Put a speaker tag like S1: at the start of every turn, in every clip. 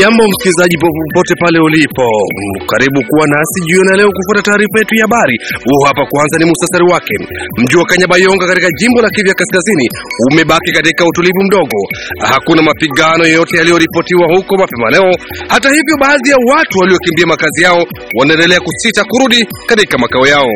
S1: Jambo msikilizaji, popote pale ulipo, karibu kuwa nasi jioni leo kufuata taarifa yetu ya habari. huu hapa kwanza ni muhtasari wake. Mji wa Kanyabayonga katika jimbo la Kivu Kaskazini umebaki katika utulivu mdogo. Hakuna mapigano yoyote yaliyoripotiwa huko mapema leo. Hata hivyo, baadhi ya watu waliokimbia makazi yao wanaendelea kusita kurudi katika makao yao.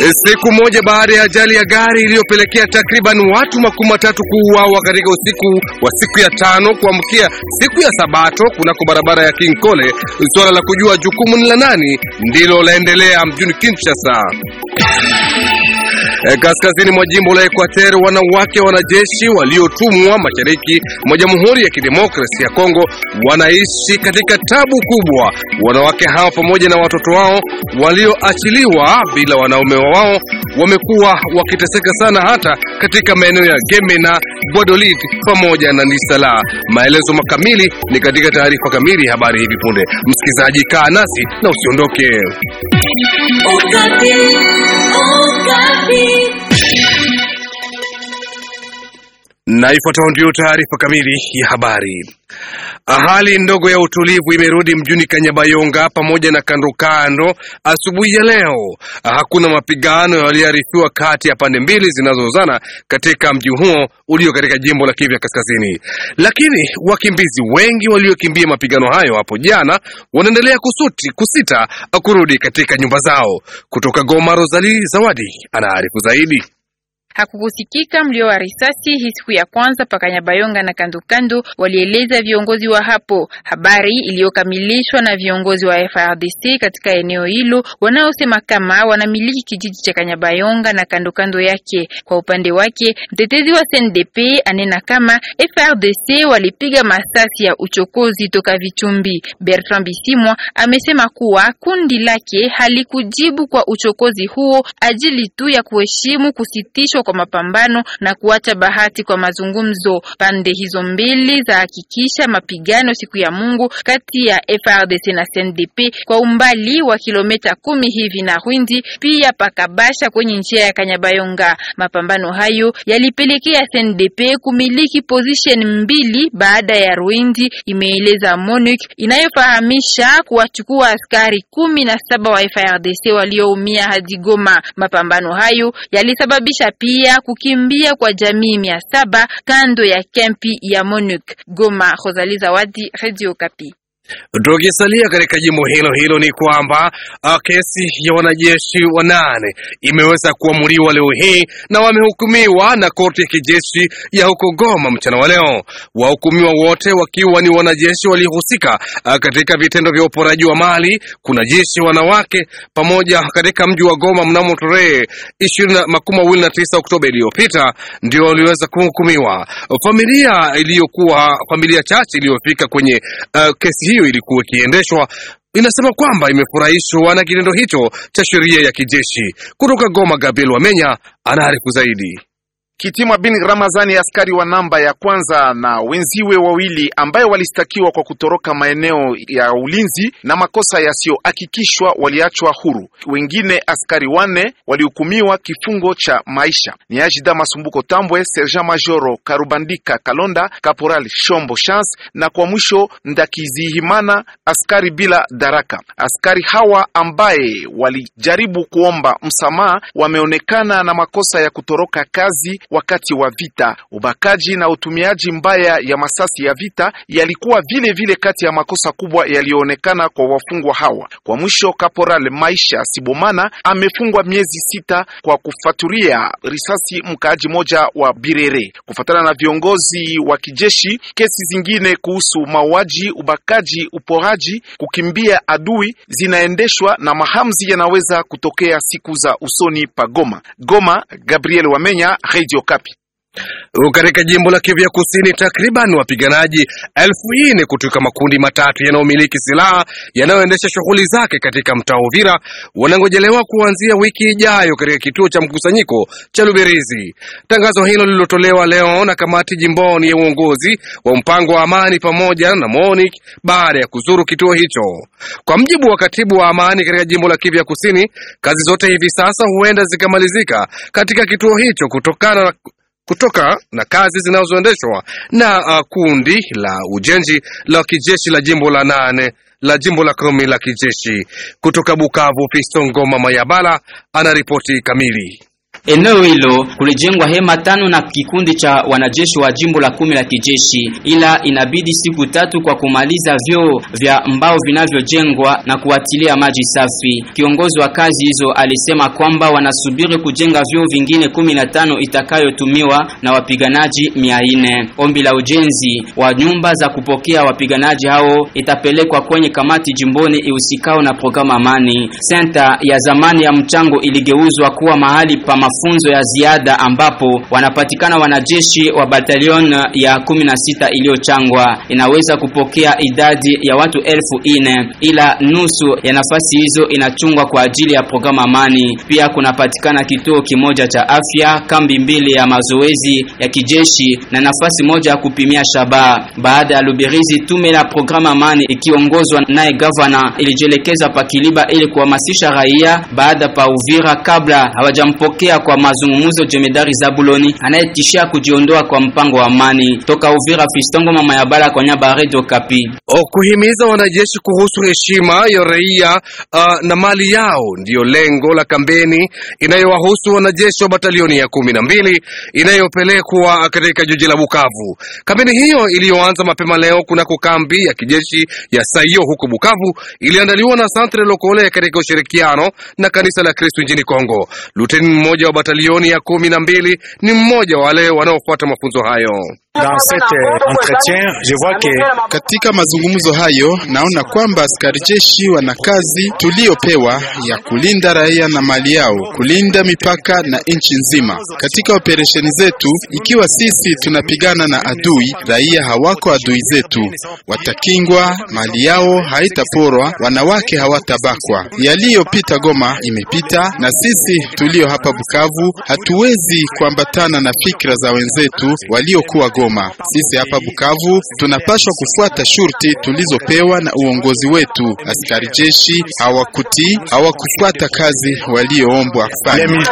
S1: E, siku moja baada ya ajali ya gari iliyopelekea takriban watu makumi matatu kuuawa katika usiku wa siku ya tano kuamkia siku ya Sabato kunako barabara ya King Kole, suala la kujua jukumu ni la nani ndilo laendelea mjini Kinshasa. E, kaskazini mwa jimbo la Equateur, wanawake wanajeshi waliotumwa mashariki mwa Jamhuri ya Kidemokrasia ya Kongo wanaishi katika tabu kubwa. Wanawake hao pamoja na watoto wao walioachiliwa bila wanaume wao wamekuwa wakiteseka sana, hata katika maeneo ya Gemena, Bwadolit pamoja na Nisala. Maelezo makamili ni katika taarifa kamili ya habari hivi punde. Msikilizaji, kaa nasi na usiondoke.
S2: nunca
S3: vi.
S1: Na ifuatayo ndiyo taarifa kamili ya habari. Hali ndogo ya utulivu imerudi mjini Kanyabayonga pamoja na kandokando asubuhi ya leo. Hakuna mapigano yaliyoarifiwa kati ya pande mbili zinazozozana katika mji huo ulio katika jimbo la Kivu Kaskazini, lakini wakimbizi wengi waliokimbia mapigano hayo hapo jana wanaendelea kusuti kusita kurudi katika nyumba zao. Kutoka Goma, Rozali Zawadi anaarifu zaidi.
S4: Hakukusikika mlio wa risasi hii siku ya kwanza paka Nyabayonga na kandokando, walieleza viongozi wa hapo. Habari iliyokamilishwa na viongozi wa FRDC katika eneo hilo wanaosema kama wanamiliki kijiji cha Kanyabayonga na kandokando yake. Kwa upande wake, mtetezi wa CNDP anena kama FRDC walipiga masasi ya uchokozi toka Vichumbi. Bertrand Bisimwa amesema kuwa kundi lake halikujibu kwa uchokozi huo ajili tu ya kuheshimu kusitishwa kuitishwa kwa mapambano na kuacha bahati kwa mazungumzo. Pande hizo mbili zahakikisha mapigano siku ya Mungu kati ya FRDC na CNDP kwa umbali wa kilomita kumi hivi na Rwindi, pia pakabasha kwenye njia ya Kanyabayonga. Mapambano hayo yalipelekea CNDP kumiliki position mbili baada ya Rwindi, imeeleza MONUC inayofahamisha kuwachukua askari kumi na saba wa FRDC walioumia hadi Goma. Mapambano hayo yalisababisha pia kuzuia kukimbia kwa jamii mia saba kando ya kempi ya monuc Goma. Rosali Zawadi, Radio Kapi.
S1: Tukisalia katika jimbo hilo hilo ni kwamba ah, kesi ya wanajeshi wanane imeweza kuamuriwa leo hii na wamehukumiwa na korti ya kijeshi ya huko Goma mchana wa leo, wahukumiwa wote wakiwa ni wanajeshi waliohusika ah, katika vitendo vya uporaji wa mali, kuna jeshi wanawake pamoja katika mji wa Goma mnamo tarehe makumi mawili na tisa Oktoba iliyopita ndio waliweza kuhukumiwa. Familia iliyokuwa familia chache iliyofika kwenye uh, kesi hiyo hiyo ilikuwa ikiendeshwa inasema kwamba imefurahishwa na kitendo hicho cha sheria ya kijeshi. Kutoka Goma, Gabriel Wamenya anaarifu zaidi.
S5: Kitima bin Ramazani, askari wa namba ya kwanza na wenziwe wawili ambaye walistakiwa kwa kutoroka maeneo ya ulinzi na makosa yasiyohakikishwa waliachwa huru. Wengine askari wanne walihukumiwa kifungo cha maisha. Ni Ajida Masumbuko Tambwe, Sergeant Majoro Karubandika Kalonda, Kaporal Shombo Chance na kwa mwisho Ndakizihimana, askari bila daraka. Askari hawa ambaye walijaribu kuomba msamaha wameonekana na makosa ya kutoroka kazi wakati wa vita. Ubakaji na utumiaji mbaya ya masasi ya vita yalikuwa vile vile kati ya makosa kubwa yaliyoonekana kwa wafungwa hawa. Kwa mwisho, Kaporal Maisha Sibomana amefungwa miezi sita kwa kufaturia risasi mkaaji moja wa Birere. Kufatana na viongozi wa kijeshi, kesi zingine kuhusu mauaji, ubakaji, uporaji, kukimbia adui zinaendeshwa na mahamzi yanaweza kutokea siku za usoni pa Goma. Goma, Gabriel Wamenya, Radio capítulo Katika jimbo la Kivu ya Kusini, takriban
S1: wapiganaji elfu nne kutoka makundi matatu yanayomiliki silaha yanayoendesha shughuli zake katika mtaa Uvira wanangojelewa kuanzia wiki ijayo katika kituo cha mkusanyiko cha Luberizi. Tangazo hilo lililotolewa leo na kamati jimboni ya uongozi wa mpango wa amani pamoja na MONUC baada ya kuzuru kituo hicho. Kwa mjibu wa katibu wa amani katika jimbo la Kivu ya Kusini, kazi zote hivi sasa huenda zikamalizika katika kituo hicho kutokana na kutoka na kazi zinazoendeshwa na uh, kundi la ujenzi la kijeshi la jimbo la nane la jimbo la kumi la
S2: kijeshi kutoka Bukavu. Pistongo Mama Mayabala ana ripoti kamili. Eneo hilo kulijengwa hema tano na kikundi cha wanajeshi wa jimbo la kumi la kijeshi, ila inabidi siku tatu kwa kumaliza vyoo vya mbao vinavyojengwa na kuwatilia maji safi. Kiongozi wa kazi hizo alisema kwamba wanasubiri kujenga vyoo vingine kumi na tano itakayotumiwa na wapiganaji 400. Ombi la ujenzi wa nyumba za kupokea wapiganaji hao itapelekwa kwenye kamati jimboni ihusikao na programu amani. Senta ya zamani ya mchango iligeuzwa kuwa mahali pa mafunzo ya ziada ambapo wanapatikana wanajeshi wa batalion ya 16 iliyochangwa. Inaweza kupokea idadi ya watu elfu ine ila nusu ya nafasi hizo inachungwa kwa ajili ya programu amani. Pia kunapatikana kituo kimoja cha afya, kambi mbili ya mazoezi ya kijeshi na nafasi moja ya kupimia shabaha. Baada ya lubirizi, tume la programu amani ikiongozwa naye gavana ilijielekeza pa Kiliba ili kuhamasisha raia baada pa Uvira kabla hawajampokea kwa mazungumzo jemedari Zabuloni anayetishia kujiondoa kwa mpango wa amani toka Uvira. Fistongo mama ya bara kwa nyaba Radio Kapi.
S1: Kuhimiza wanajeshi kuhusu heshima ya raia uh, na mali yao ndiyo lengo la kampeni inayowahusu wanajeshi wa batalioni ya kumi na mbili inayopelekwa katika jiji la Bukavu. Kampeni hiyo iliyoanza mapema leo kunako kambi ya kijeshi ya Saio huko Bukavu iliandaliwa na Centre Lokole katika ushirikiano na kanisa la Kristo nchini Kongo. Luteni mmoja wa batalioni ya kumi na mbili ni mmoja wa wale wanaofuata mafunzo hayo.
S5: Katika mazungumzo hayo naona kwamba askari jeshi wana kazi tuliyopewa ya kulinda raia na mali yao, kulinda mipaka na nchi nzima. Katika operesheni zetu, ikiwa sisi tunapigana na adui, raia hawako adui zetu, watakingwa, mali yao haitaporwa, wanawake hawatabakwa. Yaliyopita Goma imepita, na sisi tulio hapa Buka Bukavu hatuwezi kuambatana na fikra za wenzetu waliokuwa Goma. Sisi hapa Bukavu tunapaswa kufuata shurti tulizopewa na uongozi wetu. Askari jeshi hawakutii, hawakufuata kazi walioombwa kufanya.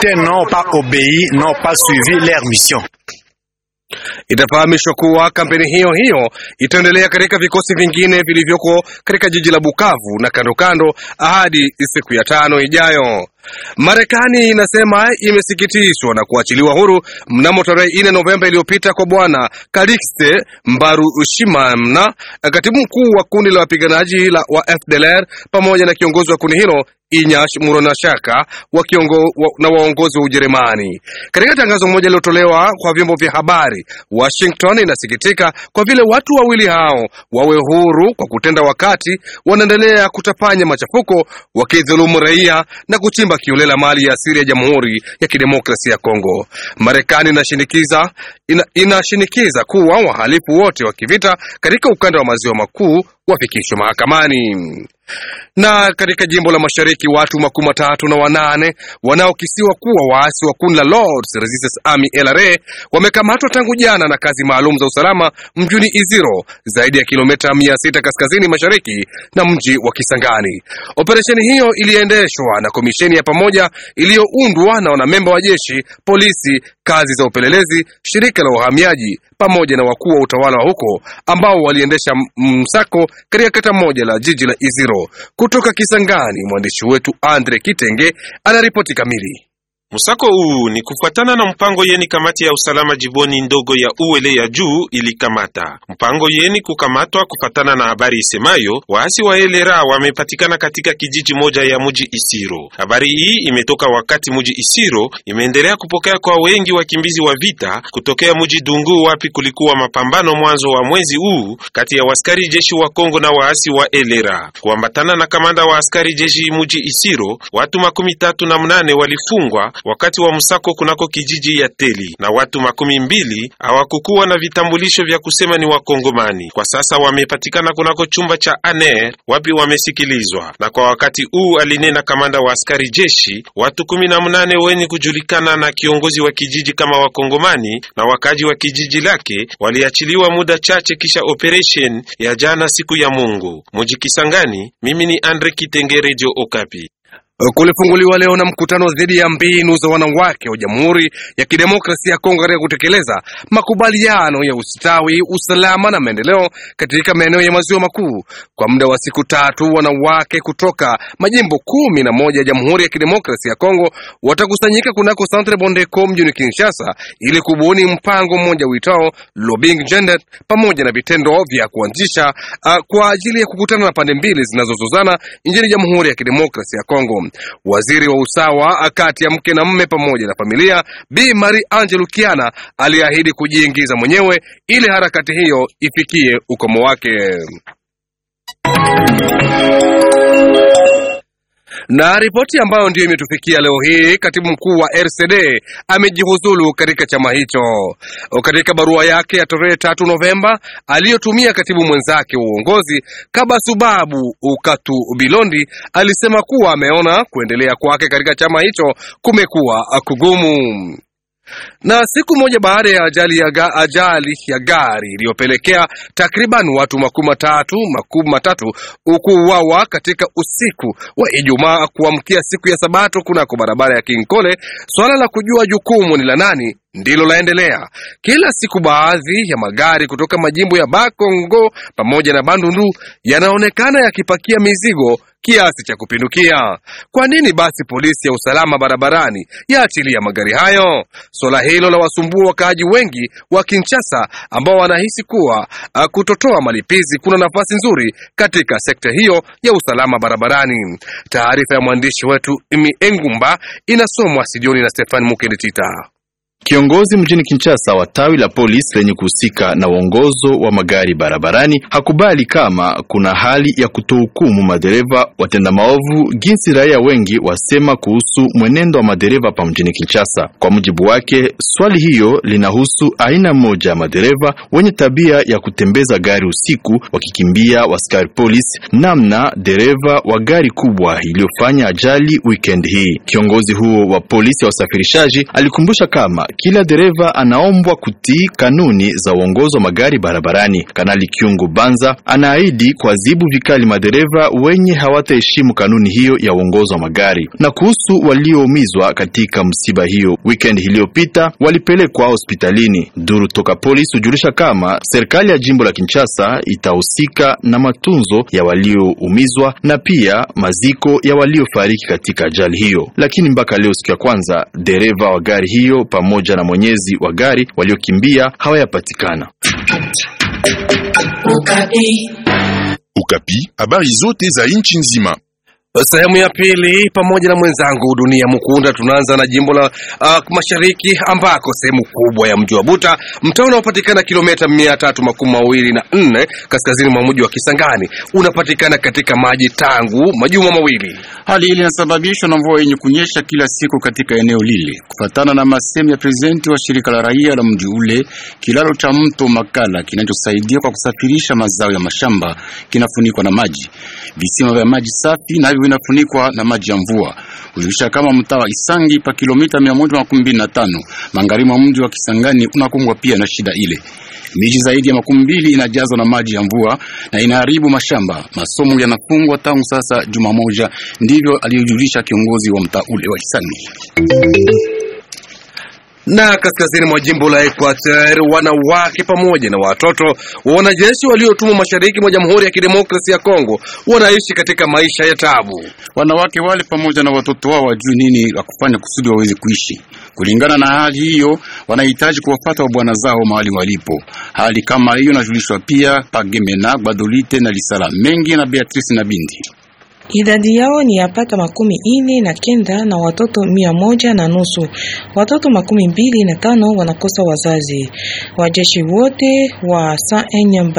S5: Itafahamishwa kuwa kampeni
S1: hiyo hiyo itaendelea katika vikosi vingine vilivyoko katika jiji la Bukavu na kando kando hadi siku ya tano ijayo. Marekani inasema imesikitishwa na kuachiliwa huru mnamo tarehe 4 Novemba iliyopita kwa bwana Kalixte Mbarushimana, katibu mkuu wa kundi la wapiganaji wa FDLR pamoja na kiongozi wa kundi hilo Inyash Muronashaka wa kiongo, wa, na waongozi wa Ujerumani. Katika tangazo moja lilotolewa kwa vyombo vya habari, Washington inasikitika kwa vile watu wawili hao wawe huru kwa kutenda wakati wanaendelea kutapanya machafuko wakidhulumu raia na kuchimba kiolela mali ya asili ya Jamhuri ya Kidemokrasia ya Kongo. Marekani inashinikiza ina, inashinikiza kuwa wahalifu wote wa kivita katika ukanda wa maziwa makuu wafikishwe mahakamani. Na katika jimbo la mashariki watu makumi matatu na wanane wanaokisiwa kuwa waasi wa kundi la Lords Resistance Army LRA wamekamatwa tangu jana na kazi maalum za usalama mjini Iziro, zaidi ya kilomita sita kaskazini mashariki na mji wa Kisangani. Operesheni hiyo iliendeshwa na komisheni ya pamoja iliyoundwa na wanamemba wa jeshi, polisi, kazi za upelelezi, shirika la uhamiaji pamoja na wakuu wa utawala wa huko ambao waliendesha msako katika kata moja la jiji la Iziro. Kutoka
S6: Kisangani, mwandishi wetu Andre Kitenge anaripoti kamili. Msako huu ni kufuatana na mpango yeni kamati ya usalama jiboni ndogo ya Uwele ya juu ilikamata. Mpango yeni kukamatwa kufuatana na habari isemayo waasi wa elera wamepatikana katika kijiji moja ya muji Isiro. Habari hii imetoka wakati muji Isiro imeendelea kupokea kwa wengi wakimbizi wa vita kutokea muji Dungu wapi kulikuwa mapambano mwanzo wa mwezi huu kati ya waskari jeshi wa Kongo na waasi wa elera. Kuambatana na kamanda wa askari jeshi muji Isiro, watu makumi tatu na mnane walifungwa wakati wa msako kunako kijiji ya Teli, na watu makumi mbili hawakukuwa na vitambulisho vya kusema ni Wakongomani. Kwa sasa wamepatikana kunako chumba cha ANR wapi wamesikilizwa, na kwa wakati huu, alinena kamanda wa askari jeshi, watu kumi na mnane wenye kujulikana na kiongozi wa kijiji kama Wakongomani na wakaji wa kijiji lake waliachiliwa muda chache kisha operation ya jana siku ya Mungu. Mujikisangani, mimi ni Andre Kitenge, Radio Okapi
S1: kulifunguliwa leo na mkutano dhidi ya mbinu za wanawake wa Jamhuri ya Kidemokrasia ya Kongo katika kutekeleza makubaliano ya ustawi, usalama na maendeleo katika maeneo ya maziwa makuu. Kwa muda wa siku tatu, wanawake kutoka majimbo kumi na moja ya Jamhuri ya Kidemokrasia ya Kongo watakusanyika kunako Centre Bondeko mjini Kinshasa ili kubuni mpango mmoja uitao Lobbying Gender, pamoja na vitendo vya kuanzisha uh, kwa ajili ya kukutana na pande mbili zinazozozana nchini Jamhuri ya Kidemokrasia ya Kongo. Waziri wa usawa kati ya mke na mme pamoja na familia, Bi Marie angelu Kiana aliahidi kujiingiza mwenyewe ili harakati hiyo ifikie ukomo wake. Na ripoti ambayo ndiyo imetufikia leo hii, katibu mkuu wa RCD amejihuzulu katika chama hicho. Katika barua yake ya tarehe tatu Novemba aliyotumia katibu mwenzake wa uongozi Kabasubabu Ukatu Bilondi, alisema kuwa ameona kuendelea kwake katika chama hicho kumekuwa kugumu. Na siku moja baada ya ajali ya, ga, ajali ya gari iliyopelekea takriban watu makumi matatu makumi matatu kuuawa katika usiku wa Ijumaa kuamkia siku ya Sabato kunako barabara ya kinkole swala la kujua jukumu ni la nani ndilo laendelea kila siku. Baadhi ya magari kutoka majimbo ya Bakongo pamoja na Bandundu yanaonekana yakipakia mizigo kiasi cha kupindukia. Kwa nini basi polisi ya usalama barabarani yaachilia ya magari hayo? Suala hilo la wasumbua wakaaji wengi wa Kinshasa ambao wanahisi kuwa kutotoa malipizi kuna nafasi nzuri katika sekta hiyo ya usalama barabarani. Taarifa ya mwandishi wetu Imi Engumba inasomwa sijoni na Stefan Mukenditita.
S7: Kiongozi mjini Kinshasa wa tawi la polisi lenye kuhusika na uongozo wa magari barabarani hakubali kama kuna hali ya kutohukumu madereva watenda maovu jinsi raia wengi wasema kuhusu mwenendo wa madereva pa mjini Kinshasa. Kwa mujibu wake, swali hiyo linahusu aina moja ya madereva wenye tabia ya kutembeza gari usiku wakikimbia waskari polisi, namna dereva wa gari kubwa iliyofanya ajali weekend hii. Kiongozi huo wa polisi ya usafirishaji alikumbusha kama kila dereva anaombwa kutii kanuni za uongozi wa magari barabarani. Kanali Kyungu Banza anaahidi kuadhibu vikali madereva wenye hawataheshimu kanuni hiyo ya uongozi wa magari. Na kuhusu walioumizwa katika msiba hiyo weekend iliyopita, walipelekwa hospitalini. Duru toka polisi hujulisha kama serikali ya jimbo la Kinshasa itahusika na matunzo ya walioumizwa na pia maziko ya waliofariki katika ajali hiyo, lakini mpaka leo siku ya kwanza dereva wa gari hiyo pamoja pamoja na mwenyezi wa gari waliokimbia hawayapatikana. Ukapi, habari zote za nchi nzima
S1: Sehemu ya pili pamoja na mwenzangu Dunia Mukunda. Tunaanza na jimbo la uh, mashariki ambako sehemu kubwa ya mji wa Buta, mtaa unaopatikana kilomita mia tatu makumi mawili na nne kaskazini mwa mji wa Kisangani, unapatikana katika maji tangu majuma mawili. Hali hii inasababishwa na mvua yenye kunyesha kila siku katika eneo lile. Kufatana na masehemu ya prezidenti wa shirika la raia la mji ule, kilalo cha mto Makala kinachosaidia kwa kusafirisha mazao ya mashamba kinafunikwa na maji. Visima vya maji safi na inafunikwa na maji ya mvua. Hujulisha kama mtaa wa Isangi pa kilomita 125 magharibi mwa mji wa Kisangani unakumbwa pia na shida ile. Miji zaidi ya makumi mbili inajazwa na maji ya mvua na inaharibu mashamba. Masomo yanafungwa tangu sasa juma moja, ndivyo aliyojulisha kiongozi wa mtaa ule wa Isangi. Na kaskazini mwa jimbo la Equateur, wanawake pamoja na watoto wa wanajeshi waliotumwa mashariki mwa Jamhuri ya Kidemokrasia ya Kongo wanaishi katika maisha ya tabu. Wanawake wale pamoja na watoto wao wajui nini la kufanya kusudi waweze kuishi. Kulingana na hali hiyo, wanahitaji kuwafata bwana zao mahali walipo. Hali kama hiyo inajulishwa pia Pagemena, Gbadolite na Lisala Mengi na Beatrice na Bindi.
S3: Idadi yao ni yapata makumi ine na kenda na watoto mia moja na nusu. Watoto makumi mbili na tano wanakosa wazazi. Wajeshi wote wa Saint-Aignan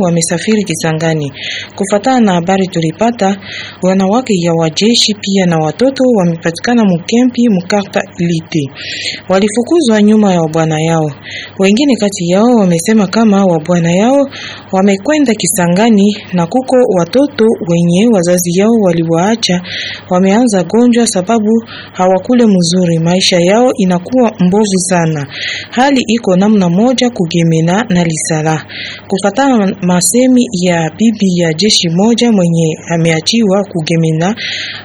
S3: wamesafiri Kisangani. Kufatana na habari tulipata, wanawake ya wajeshi pia na watoto wamepatikana mukempi mukarta liti, walifukuzwa nyuma ya wabwana yao. Wengine kati yao wamesema kama wabwana yao wamekwenda Kisangani na kuko watoto wenye wazazi yao yao waliwaacha wameanza gonjwa sababu hawakule mzuri, maisha yao inakuwa mbovu sana. Hali iko namna moja kugemena na lisala, kufatana masemi ya bibi ya jeshi moja mwenye ameachiwa kugemena,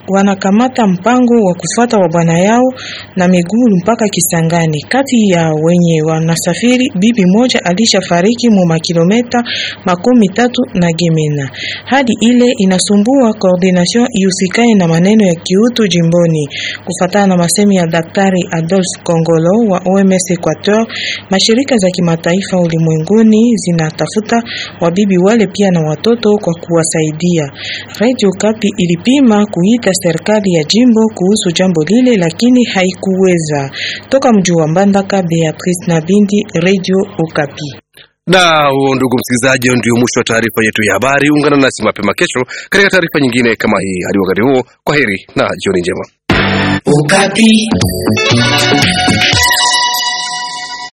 S3: wanakamata mpango wa kufuata wa bwana yao na miguu mpaka Kisangani. Kati ya wenye wanasafiri, bibi moja alishafariki mu makilometa makumi tatu na Gemena. Hadi ile inasumbua korde coordination ihusikane na maneno ya kiutu jimboni. Kufatana na masemi ya Daktari Adolphe Kongolo wa OMS Equateur, mashirika za kimataifa ulimwenguni zinatafuta wabibi wale pia na watoto kwa kuwasaidia. Radio Kapi ilipima kuita serikali ya jimbo kuhusu jambo lile, lakini haikuweza. Toka mji wa Mbandaka, Beatrice Nabindi, Radio Okapi.
S1: Na huo ndugu msikilizaji, ndio mwisho wa taarifa yetu ya habari. Ungana nasi mapema kesho katika taarifa nyingine kama hii. Hadi wakati huo, kwa heri na jioni njema.
S3: Ukapi.